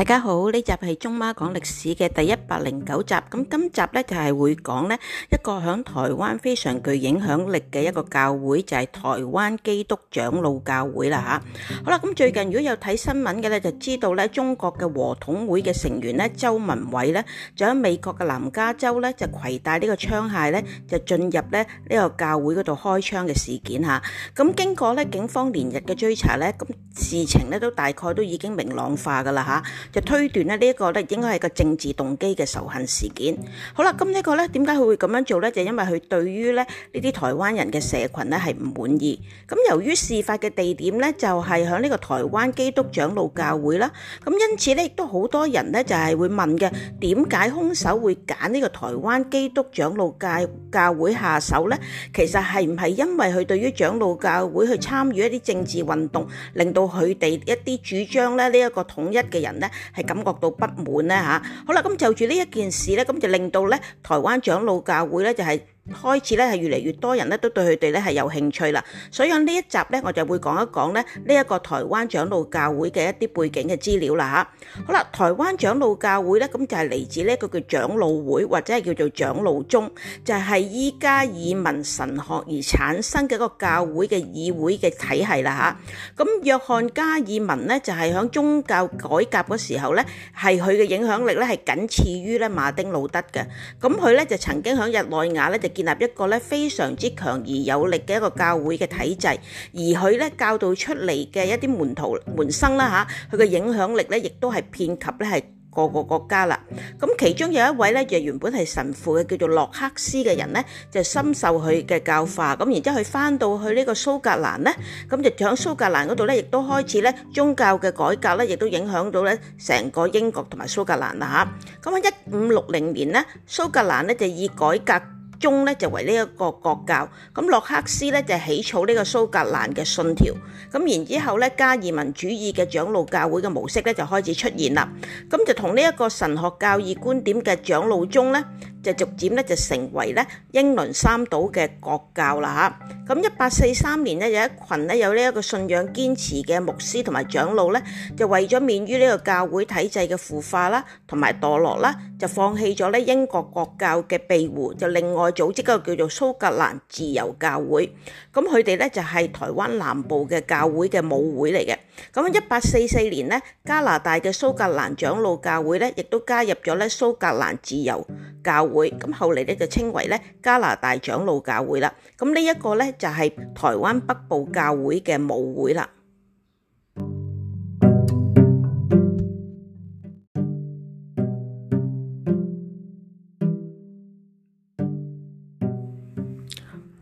大家好，呢集係中媽講歷史嘅第一百零九集。咁今集呢就係會講呢一個響台灣非常具影響力嘅一個教會，就係台灣基督長老教會啦吓。好啦，咁最近如果有睇新聞嘅咧，就知道咧中國嘅和統會嘅成員咧周文偉咧，就喺美國嘅南加州咧就攜帶呢個槍械咧就進入咧呢個教會嗰度開槍嘅事件吓。咁經過咧警方連日嘅追查咧，咁事情咧都大概都已經明朗化噶啦吓。就推斷咧，呢一個咧應該係個政治動機嘅仇恨事件。好啦，咁呢個咧點解佢會咁樣做咧？就因為佢對於咧呢啲台灣人嘅社群咧係唔滿意。咁由於事發嘅地點咧就係響呢個台灣基督長老教會啦，咁因此咧亦都好多人咧就係會問嘅，點解兇手會揀呢個台灣基督長老教教會下手咧？其實係唔係因為佢對於長老教會去參與一啲政治運動，令到佢哋一啲主張咧呢一個統一嘅人咧？係感覺到不滿咧吓，好啦，咁就住呢一件事咧，咁就令到咧，台灣長老教會咧就係、是。開始咧係越嚟越多人咧都對佢哋咧係有興趣啦，所以呢一集咧我就會講一講咧呢一個台灣長老教會嘅一啲背景嘅資料啦吓。好啦，台灣長老教會咧咁就係嚟自呢一個叫長老會或者係叫做長老宗，就係依加爾文神學而產生嘅個教會嘅議會嘅體系啦吓。咁約翰加爾文咧就係喺宗教改革嗰時候咧係佢嘅影響力咧係僅次於咧馬丁路德嘅，咁佢咧就曾經喺日內瓦咧就。建立一個咧非常之強而有力嘅一個教會嘅體制，而佢咧教導出嚟嘅一啲門徒門生啦嚇，佢嘅影響力咧亦都係遍及咧係各個國家啦。咁其中有一位咧就原本係神父嘅叫做洛克斯嘅人咧，就深受佢嘅教化。咁然之後佢翻到去呢個蘇格蘭咧，咁就喺蘇格蘭嗰度咧，亦都開始咧宗教嘅改革咧，亦都影響到咧成個英國同埋蘇格蘭啦嚇。咁喺一五六零年咧，蘇格蘭咧就以改革。宗咧就為呢一個國教，咁洛克斯咧就起草呢個蘇格蘭嘅信條，咁然之後咧加爾文主義嘅長老教會嘅模式咧就開始出現啦，咁就同呢一個神學教義觀點嘅長老宗咧。就逐漸咧就成為咧英倫三島嘅國教啦吓，咁一八四三年呢，有一群咧有呢一個信仰堅持嘅牧師同埋長老咧，就為咗免於呢個教會體制嘅腐化啦同埋墮落啦，就放棄咗咧英國國教嘅庇護，就另外組織一個叫做蘇格蘭自由教會。咁佢哋咧就係台灣南部嘅教會嘅母會嚟嘅。咁一八四四年呢，加拿大嘅蘇格蘭長老教會咧亦都加入咗咧蘇格蘭自由教會。會咁後嚟呢就稱為呢加拿大長老教會啦。咁呢一個呢就係台灣北部教會嘅母會啦。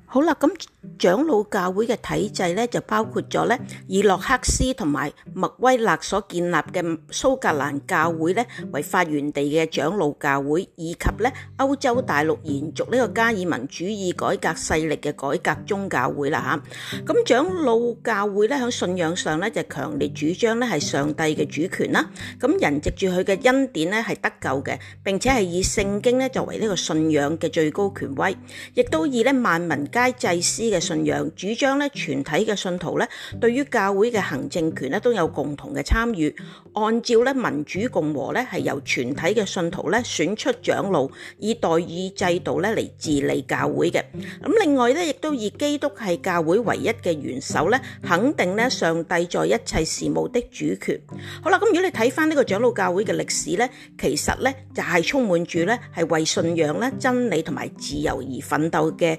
好啦，咁。長老教會嘅體制咧，就包括咗咧以洛克斯同埋麥威納所建立嘅蘇格蘭教會咧為發源地嘅長老教會，以及咧歐洲大陸延續呢個加爾文主義改革勢力嘅改革宗教會啦嚇。咁長老教會咧喺信仰上咧就強烈主張咧係上帝嘅主權啦，咁人藉住佢嘅恩典咧係得救嘅，並且係以聖經咧作為呢個信仰嘅最高權威，亦都以咧萬民皆祭司嘅。信仰主張咧，全體嘅信徒咧，對於教會嘅行政權咧，都有共同嘅參與。按照咧民主共和咧，係由全體嘅信徒咧選出長老，以代議制度咧嚟治理教會嘅。咁另外咧，亦都以基督係教會唯一嘅元首咧，肯定咧上帝在一切事務的主權。好啦，咁如果你睇返呢個長老教會嘅歷史咧，其實咧就係充滿住咧係為信仰咧真理同埋自由而奮鬥嘅。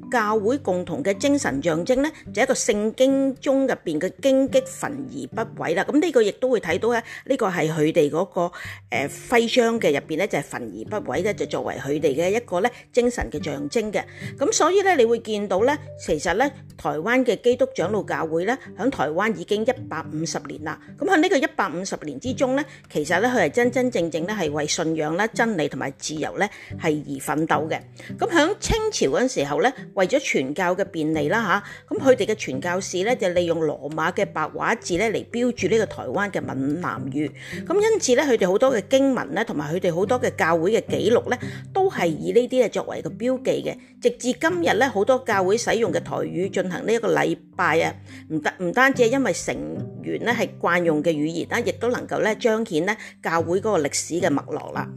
教會共同嘅精神象徵咧，就係、一個聖經中入邊嘅荊棘焚而不毀啦。咁、這、呢個亦都會睇到咧，呢、這個係佢哋嗰個徽章嘅入邊咧，就係、是、焚而不毀咧，就作為佢哋嘅一個咧精神嘅象徵嘅。咁所以咧，你會見到咧，其實咧，台灣嘅基督長老教會咧，喺台灣已經一百五十年啦。咁喺呢個一百五十年之中咧，其實咧佢係真真正正咧係為信仰啦、真理同埋自由咧係而奮鬥嘅。咁喺清朝嗰陣時候咧。為咗傳教嘅便利啦嚇，咁佢哋嘅傳教士咧就利用羅馬嘅白話字咧嚟標注呢個台灣嘅閩南語，咁因此咧佢哋好多嘅經文咧同埋佢哋好多嘅教會嘅記錄咧，都係以呢啲啊作為個標記嘅。直至今日咧，好多教會使用嘅台語進行呢一個禮拜啊，唔單唔單止係因為成員咧係慣用嘅語言啦，亦都能夠咧彰顯咧教會嗰個歷史嘅脈絡啦。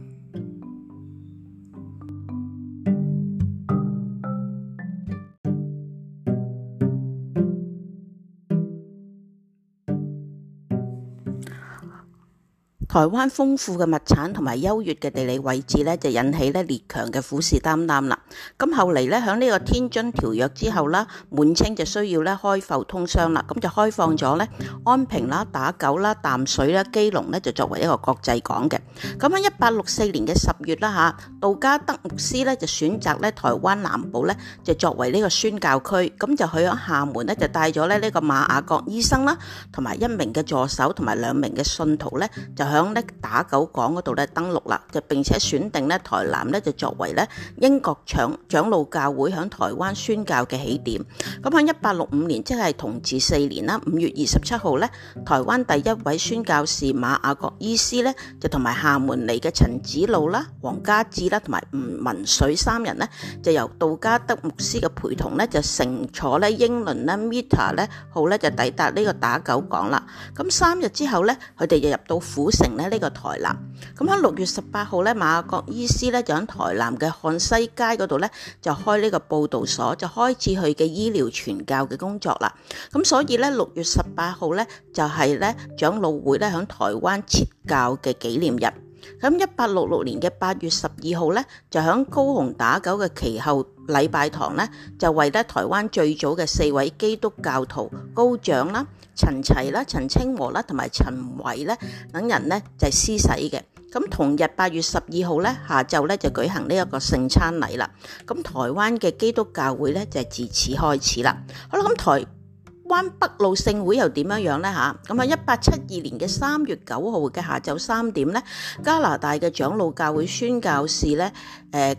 台灣豐富嘅物產同埋優越嘅地理位置咧，就引起咧列強嘅虎視眈眈啦。咁後嚟咧，響呢個天津條約之後啦，滿清就需要咧開埠通商啦，咁就開放咗咧安平啦、打狗啦、淡水啦、基隆咧，就作為一個國際港嘅。咁喺一八六四年嘅十月啦嚇，道加德牧師咧就選擇咧台灣南部咧，就作為呢個宣教區，咁就去咗廈門咧，就帶咗咧呢個馬雅各醫生啦，同埋一名嘅助手同埋兩名嘅信徒咧，就響打狗港嗰度咧登陸啦，就並且選定咧台南咧就作為咧英國長長老教會響台灣宣教嘅起點，咁響一八六五年，即係同治四年啦，五月二十七號咧，台灣第一位宣教士馬雅各醫師咧，就同埋廈門嚟嘅陳子路啦、黃家志啦，同埋吳文水三人咧，就由道加德牧師嘅陪同咧，就乘坐咧英倫咧 m e t e r 咧號咧就抵達呢個打狗港啦。咁三日之後咧，佢哋就入到府城。咧呢個台南，咁喺六月十八號咧，馬雅各醫師咧就喺台南嘅漢西街嗰度咧就開呢個佈道所，就開始佢嘅醫療傳教嘅工作啦。咁所以咧，六月十八號咧就係咧長老會咧喺台灣設教嘅紀念日。咁一八六六年嘅八月十二號咧，就喺高雄打狗嘅旗後禮拜堂咧，就為咧台灣最早嘅四位基督教徒高長啦，陳齊啦、陳清和啦同埋陳維咧等人咧就係、是、施洗嘅。咁同日八月十二號咧下晝咧就舉行呢一個聖餐禮啦。咁台灣嘅基督教會咧就係自此開始啦。好啦，咁、嗯、台灣北路聖會又點樣樣咧嚇？咁喺一八七二年嘅三月九號嘅下晝三點咧，加拿大嘅長老教會宣教士咧誒。呃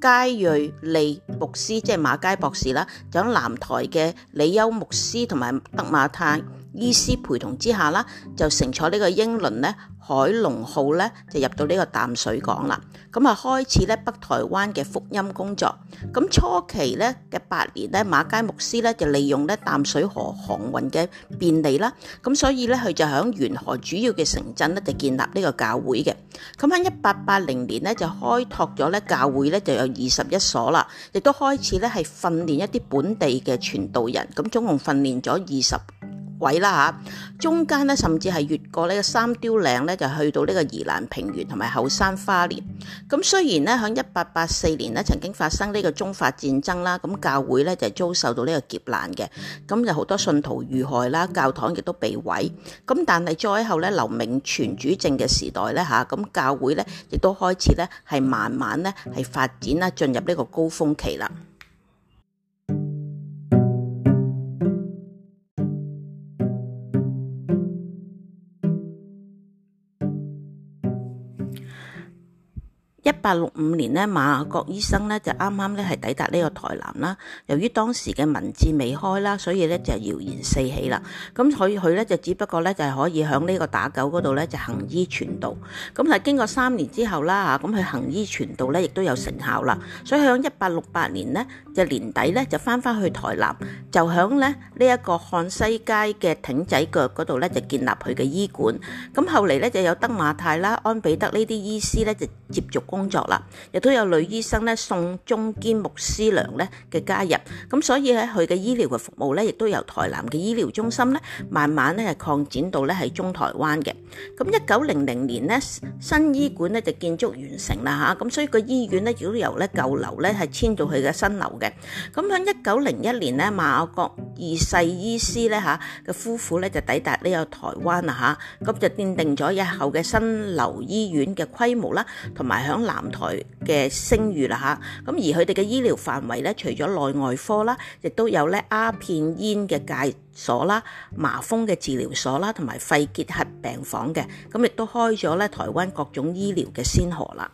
佳瑞利牧師，即係馬佳博士啦，仲有南台嘅李休牧師同埋德馬泰。醫師陪同之下啦，就乘坐呢個英輪咧，海龍號咧，就入到呢個淡水港啦。咁啊，開始咧北台灣嘅福音工作。咁初期咧嘅八年咧，馬偕牧師咧就利用咧淡水河航運嘅便利啦。咁所以咧佢就喺沿河主要嘅城鎮咧就建立呢個教會嘅。咁喺一八八零年咧就開拓咗咧教會咧就有二十一所啦，亦都開始咧係訓練一啲本地嘅傳道人。咁總共訓練咗二十。毀啦嚇，中間咧甚至係越過呢個三雕嶺咧，就去到呢個宜蘭平原同埋後山花蓮。咁雖然咧喺一八八四年咧，曾經發生呢個中法戰爭啦，咁教會咧就遭受到呢個劫難嘅，咁就好多信徒遇害啦，教堂亦都被毀。咁但係最後咧，劉銘傳主政嘅時代咧嚇，咁教會咧亦都開始咧係慢慢咧係發展啦，進入呢個高峰期啦。一八六五年呢，馬雅各醫生呢就啱啱咧係抵達呢個台南啦。由於當時嘅文字未開啦，所以咧就謠言四起啦。咁所以佢咧就只不過咧就係可以響呢個打狗嗰度咧就行醫傳道。咁但係經過三年之後啦，咁佢行醫傳道咧亦都有成效啦。所以響一八六八年呢，就年底咧就翻翻去台南，就響咧呢一個漢西街嘅艇仔腳嗰度咧就建立佢嘅醫館。咁後嚟咧就有德馬太啦、安彼得呢啲醫師咧就接續工工作啦，亦都有女醫生咧，宋中堅牧師娘咧嘅加入，咁所以咧佢嘅醫療嘅服務咧，亦都由台南嘅醫療中心咧，慢慢咧係擴展到咧係中台灣嘅。咁一九零零年咧，新醫館咧就建築完成啦吓，咁所以個醫院咧亦都由咧舊樓咧係遷到佢嘅新樓嘅。咁響一九零一年咧，馬雅各二世醫師咧吓嘅夫婦咧就抵達呢個台灣啊吓，咁就奠定咗日後嘅新樓醫院嘅規模啦，同埋響。南台嘅聲譽啦吓，咁而佢哋嘅醫療範圍咧，除咗內外科啦，亦都有咧鴉片煙嘅戒所啦、麻風嘅治療所啦，同埋肺結核病房嘅，咁亦都開咗咧台灣各種醫療嘅先河啦。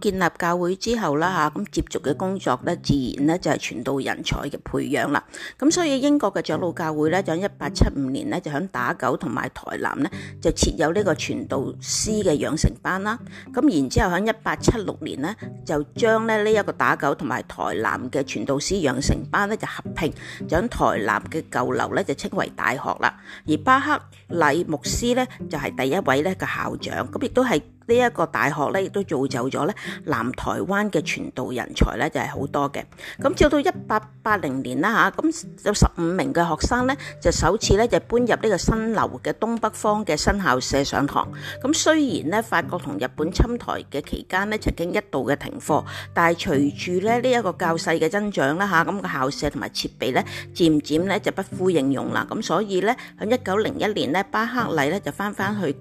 建立教會之後啦，吓，咁接續嘅工作咧，自然咧就係傳道人才嘅培養啦。咁所以英國嘅長老教會咧，響一八七五年咧就響打狗同埋台南咧就設有呢個傳道師嘅養成班啦。咁然之後響一八七六年咧就將咧呢一個打狗同埋台南嘅傳道師養成班咧就合併，就響台南嘅舊樓咧就稱為大學啦。而巴克禮牧師咧就係第一位咧嘅校長，咁亦都係。呢一個大學咧，亦都造就咗咧南台灣嘅傳道人才咧，就係好多嘅。咁照到一八八零年啦嚇，咁有十五名嘅學生咧，就首次咧就搬入呢個新樓嘅東北方嘅新校舍上堂。咁雖然咧法國同日本侵台嘅期間呢，曾經一度嘅停課，但係隨住咧呢一個教勢嘅增長啦嚇，咁個校舍同埋設備咧漸漸咧就不敷應用啦。咁所以咧喺一九零一年咧巴克禮咧就翻翻去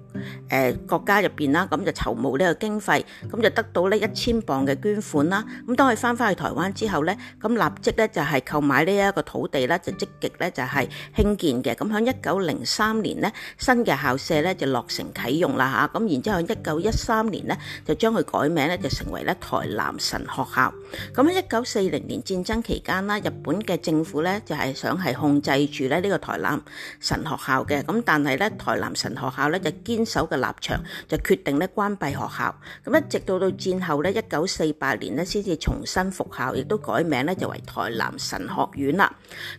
誒國家入邊啦，咁籌募呢個經費，咁就得到呢一千磅嘅捐款啦。咁當佢翻翻去台灣之後呢，咁立即呢就係購買呢一個土地啦，就積極呢就係興建嘅。咁喺一九零三年呢，新嘅校舍呢就落成啟用啦吓。咁然之後一九一三年呢，就將佢改名呢，就成為咧台南神學校。咁喺一九四零年戰爭期間啦，日本嘅政府呢就係想係控制住咧呢個台南神學校嘅。咁但係呢，台南神學校呢就堅守嘅立場，就決定呢。關閉學校，咁一直到到戰後咧，一九四八年咧，先至重新復校，亦都改名咧就為台南神學院啦。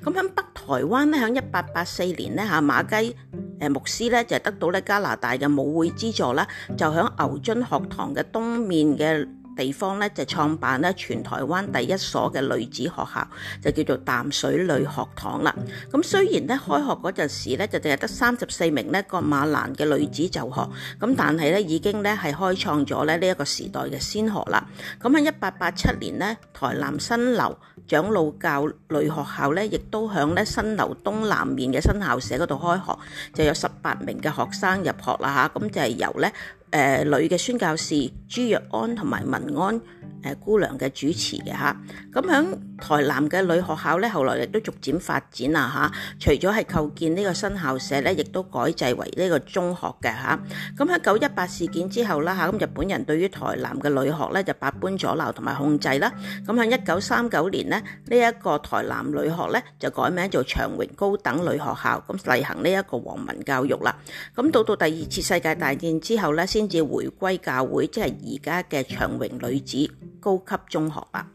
咁喺北台灣咧，喺一八八四年咧，吓馬偕誒牧師咧就得到咧加拿大嘅母會資助啦，就喺牛津學堂嘅東面嘅。地方咧就創辦咧全台灣第一所嘅女子學校，就叫做淡水女學堂啦。咁雖然咧開學嗰陣時咧就淨係得三十四名咧噶瑪蘭嘅女子就學，咁但係咧已經咧係開創咗咧呢一個時代嘅先河啦。咁喺一八八七年咧，台南新樓長老教女學校咧亦都響咧新樓東南面嘅新校舍嗰度開學，就有十八名嘅學生入學啦嚇，咁就係由咧。誒、呃、女嘅宣教士朱若安同埋文安、呃、姑娘嘅主持嘅吓咁、啊嗯台南嘅女學校咧，後來亦都逐漸發展啦，吓，除咗係構建呢個新校舍咧，亦都改制為呢個中學嘅，吓。咁喺九一八事件之後啦，吓，咁日本人對於台南嘅女學咧就百般阻撓同埋控制啦。咁喺一九三九年呢，呢，呢一個台南女學咧就改名做長榮高等女學校，咁例行呢一個皇民教育啦。咁到到第二次世界大戰之後咧，先至回歸教會，即係而家嘅長榮女子高級中學啊。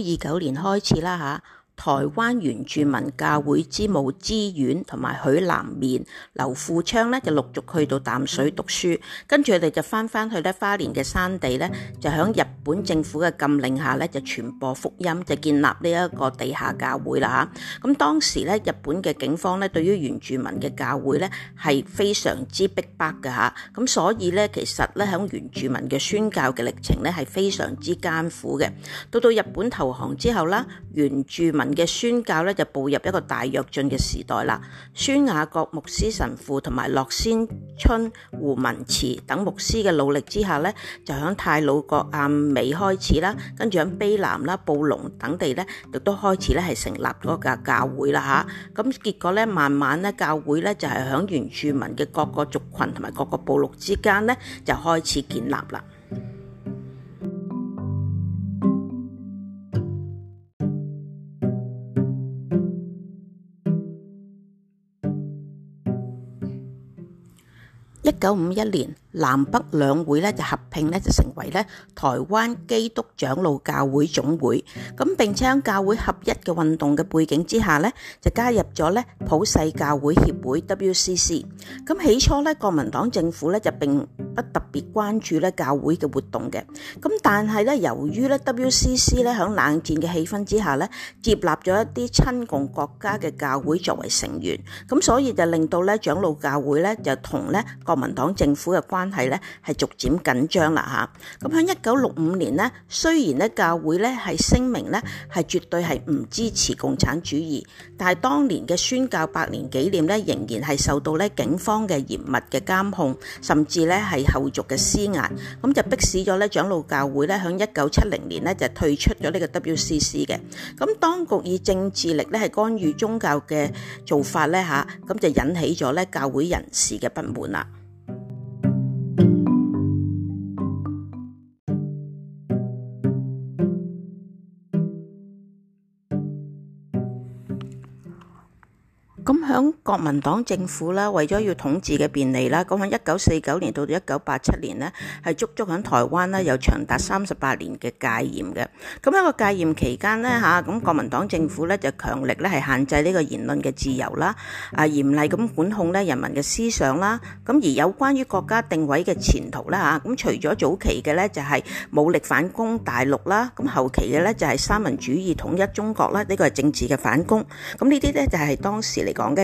一九二九年開始啦吓。台灣原住民教會之母之遠同埋許南面、劉富昌咧就陸續去到淡水讀書，跟住佢哋就翻翻去咧花蓮嘅山地咧，就響日本政府嘅禁令下咧就傳播福音，就建立呢一個地下教會啦嚇。咁當時咧日本嘅警方咧對於原住民嘅教會咧係非常之逼迫㗎吓。咁所以咧其實咧響原住民嘅宣教嘅歷程咧係非常之艱苦嘅。到到日本投降之後啦，原住民嘅宣教咧就步入一個大躍進嘅時代啦。孫雅各牧師神父同埋洛先春胡文慈等牧師嘅努力之下咧，就喺太魯閣阿美開始啦，跟住喺卑南啦、布隆等地咧亦都開始咧係成立嗰個教會啦吓。咁結果咧，慢慢咧教會咧就係喺原住民嘅各個族群同埋各個部落之間咧，就開始建立啦。一九五一年，南北兩會呢就合併呢就成為呢台灣基督長老教會總會。咁並且喺教會合一嘅運動嘅背景之下呢就加入咗呢普世教會協會 WCC。咁起初呢，國民黨政府呢就並不特別關注咧教會嘅活動嘅，咁但係咧，由於咧 WCC 咧喺冷戰嘅氣氛之下咧，接納咗一啲親共國家嘅教會作為成員，咁所以就令到咧長老教會咧就同咧國民黨政府嘅關係咧係逐漸緊張啦吓，咁喺一九六五年呢，雖然咧教會咧係聲明咧係絕對係唔支持共產主義，但係當年嘅宣教百年紀念咧仍然係受到咧警方嘅嚴密嘅監控，甚至咧係。後續嘅施壓，咁就迫使咗咧長老教會咧喺一九七零年咧就退出咗呢個 WCC 嘅。咁當局以政治力咧係干預宗教嘅做法咧嚇，咁就引起咗咧教會人士嘅不滿啦。咁，國民黨政府啦，為咗要統治嘅便利啦，咁喺一九四九年到一九八七年咧，係足足喺台灣呢有長達三十八年嘅戒嚴嘅。咁喺個戒嚴期間咧，吓咁國民黨政府咧就強力咧係限制呢個言論嘅自由啦，啊嚴厲咁管控咧人民嘅思想啦。咁而有關於國家定位嘅前途啦，吓咁除咗早期嘅咧就係武力反攻大陸啦，咁後期嘅咧就係三民主義統一中國啦，呢個係政治嘅反攻。咁呢啲咧就係當時嚟講嘅。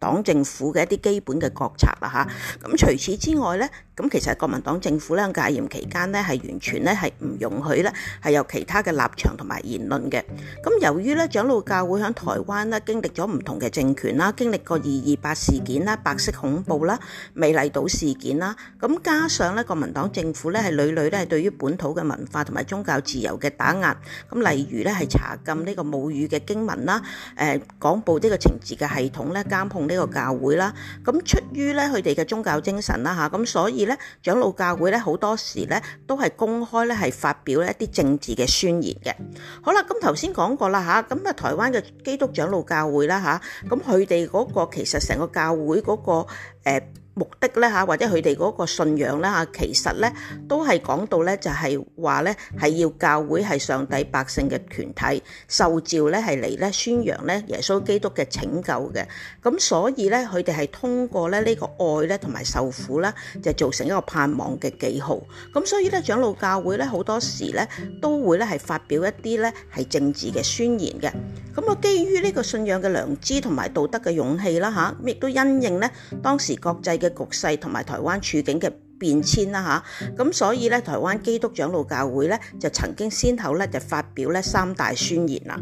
黨政府嘅一啲基本嘅國策啦嚇，咁除此之外咧，咁其實國民黨政府咧戒嚴期間咧係完全咧係唔容許咧係有其他嘅立場同埋言論嘅。咁由於咧長老教會喺台灣咧經歷咗唔同嘅政權啦，經歷過二二八事件啦、白色恐怖啦、美麗島事件啦，咁加上咧國民黨政府咧係屢屢咧係對於本土嘅文化同埋宗教自由嘅打壓，咁例如咧係查禁呢個母語嘅經文啦、誒廣播呢個情治嘅系統咧監控。呢個教會啦，咁出於咧佢哋嘅宗教精神啦吓，咁所以咧長老教會咧好多時咧都係公開咧係發表一啲政治嘅宣言嘅。好啦，咁頭先講過啦吓，咁啊台灣嘅基督長老教會啦吓，咁佢哋嗰個其實成個教會嗰、嗰個誒。呃目的咧吓，或者佢哋個信仰咧吓，其實咧都係講到咧，就係話咧係要教會係上帝百姓嘅團體受召咧係嚟咧宣揚咧耶穌基督嘅拯救嘅。咁所以咧佢哋係通過咧呢個愛咧同埋受苦啦，就造成一個盼望嘅記號。咁所以咧長老教會咧好多時咧都會咧係發表一啲咧係政治嘅宣言嘅。咁啊，基於呢個信仰嘅良知同埋道德嘅勇氣啦吓，亦都因應咧當時國際嘅。局勢同埋台灣處境嘅變遷啦，吓咁所以咧，台灣基督長老教會咧就曾經先後咧就發表咧三大宣言啦。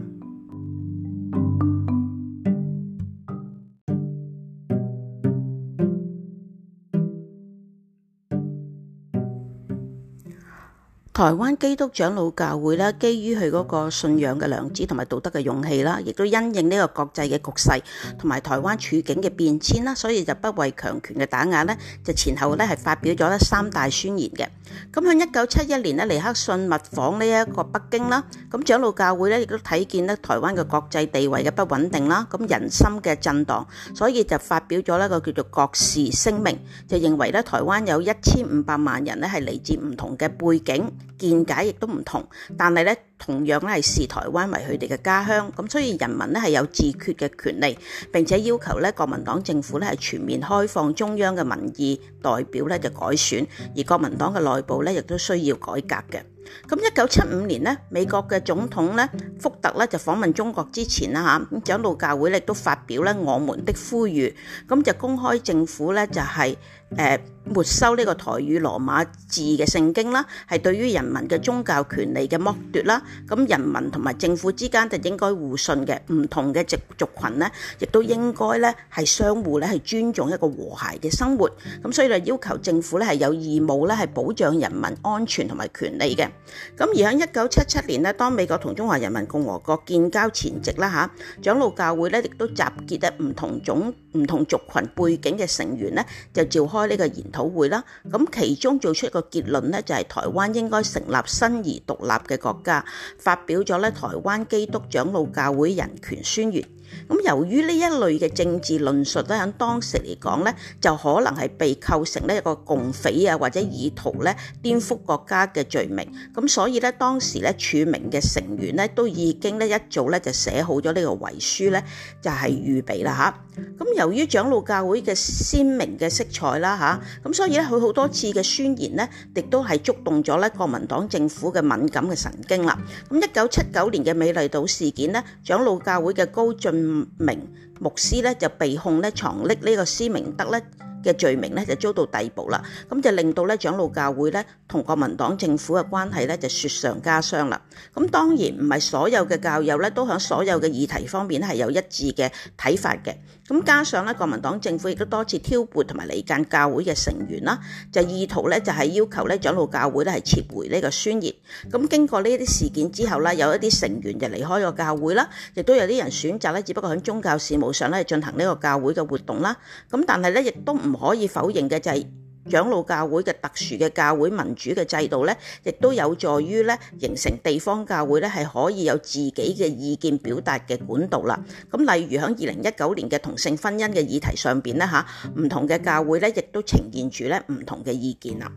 台灣基督長老教會呢，基於佢嗰個信仰嘅良知同埋道德嘅勇氣啦，亦都因應呢個國際嘅局勢同埋台灣處境嘅變遷啦，所以就不畏強權嘅打壓呢，就前後呢係發表咗呢三大宣言嘅。咁喺一九七一年呢，尼克遜密訪呢一個北京啦，咁長老教會呢亦都睇見呢台灣嘅國際地位嘅不穩定啦，咁人心嘅震盪，所以就發表咗呢個叫做國事聲明，就認為咧台灣有一千五百萬人咧係嚟自唔同嘅背景。見解亦都唔同，但係咧同樣咧係視台灣為佢哋嘅家鄉。咁所以人民咧係有自決嘅權利，並且要求咧國民黨政府咧係全面開放中央嘅民意代表咧就改選，而國民黨嘅內部咧亦都需要改革嘅。咁一九七五年咧，美國嘅總統咧福特咧就訪問中國之前啦嚇，咁長老教會亦都發表咧我們的呼籲，咁就公開政府咧就係、是。誒沒收呢個台語羅馬字嘅聖經啦，係對於人民嘅宗教權利嘅剝奪啦。咁人民同埋政府之間就應該互信嘅，唔同嘅籍族群呢，亦都應該咧係相互咧係尊重一個和諧嘅生活。咁所以就要求政府咧係有義務咧係保障人民安全同埋權利嘅。咁而喺一九七七年呢，當美國同中華人民共和國建交前夕啦嚇，長老教會咧亦都集結得唔同種。唔同族群背景嘅成員咧，就召開呢個研討會啦。咁其中做出一個結論咧，就係台灣應該成立新而獨立嘅國家。發表咗咧，台灣基督長老教會人權宣言。咁由於呢一類嘅政治論述咧，喺當時嚟講咧，就可能係被構成咧一個共匪啊，或者意圖咧顛覆國家嘅罪名。咁所以咧，當時咧署名嘅成員咧，都已經咧一早咧就寫好咗呢個遺書咧，就係、是、預備啦吓，咁由於長老教會嘅鮮明嘅色彩啦吓，咁所以咧佢好多次嘅宣言咧，亦都係觸動咗咧國民黨政府嘅敏感嘅神經啦。咁一九七九年嘅美麗島事件呢，長老教會嘅高進明牧師咧就被控咧藏匿呢個施明德咧。嘅罪名咧就遭到逮捕啦，咁就令到咧長老教會咧同國民黨政府嘅關係咧就雪上加霜啦。咁當然唔係所有嘅教友咧都響所有嘅議題方面係有一致嘅睇法嘅。咁加上咧國民黨政府亦都多次挑撥同埋離間教會嘅成員啦，就意圖咧就係要求咧長老教會咧係撤回呢個宣言。咁經過呢啲事件之後咧，有一啲成員就離開咗教會啦，亦都有啲人選擇咧，只不過響宗教事務上咧進行呢個教會嘅活動啦。咁但係咧亦都唔可以否認嘅就係長老教會嘅特殊嘅教會民主嘅制度咧，亦都有助於咧形成地方教會咧係可以有自己嘅意見表達嘅管道啦。咁例如喺二零一九年嘅同性婚姻嘅議題上邊咧嚇，唔同嘅教會咧亦都呈現住咧唔同嘅意見啦。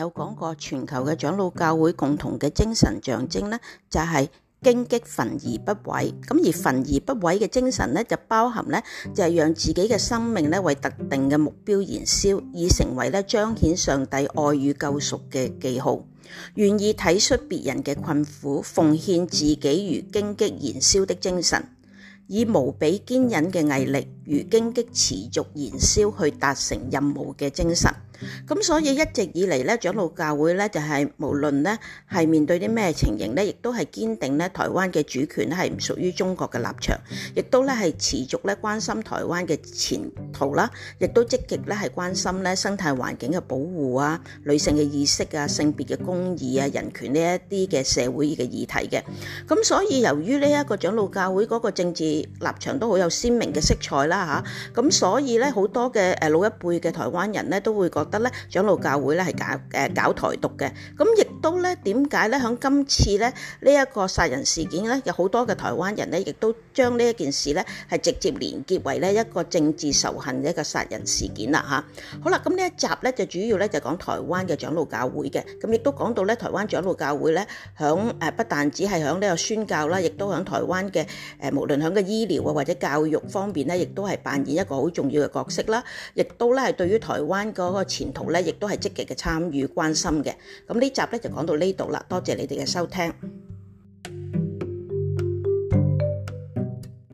有講過全球嘅長老教會共同嘅精神象徵呢，就係荊棘焚而不毀。咁而焚而不毀嘅精神呢，就包含呢，就係讓自己嘅生命呢，為特定嘅目標燃燒，以成為呢，彰顯上帝愛與救贖嘅記號。願意體恤別人嘅困苦，奉獻自己如荊棘燃燒的精神，以無比堅忍嘅毅力如荊棘持續燃燒去達成任務嘅精神。咁所以一直以嚟咧，長老教會咧就係無論咧係面對啲咩情形咧，亦都係堅定咧台灣嘅主權係唔屬於中國嘅立場，亦都咧係持續咧關心台灣嘅前途啦，亦都積極咧係關心咧生態環境嘅保護啊、女性嘅意識啊、性別嘅公義啊、人權呢一啲嘅社會嘅議題嘅。咁所以由於呢一個長老教會嗰個政治立場都好有鮮明嘅色彩啦吓，咁所以咧好多嘅誒老一輩嘅台灣人咧都會覺得。得咧，長老教會咧係搞誒搞台獨嘅，咁亦都咧點解咧？響今次咧呢一個殺人事件咧，有好多嘅台灣人咧，亦都將呢一件事咧係直接連結為咧一個政治仇恨嘅一個殺人事件啦吓，好啦，咁呢一集咧就主要咧就講台灣嘅長老教會嘅，咁亦都講到咧台灣長老教會咧響誒不但只係響呢個宣教啦，亦都響台灣嘅誒無論響個醫療啊或者教育方面咧，亦都係扮演一個好重要嘅角色啦，亦都咧係對於台灣嗰個前途咧，亦都係積極嘅參與、關心嘅。咁呢集咧就講到呢度啦，多謝你哋嘅收聽。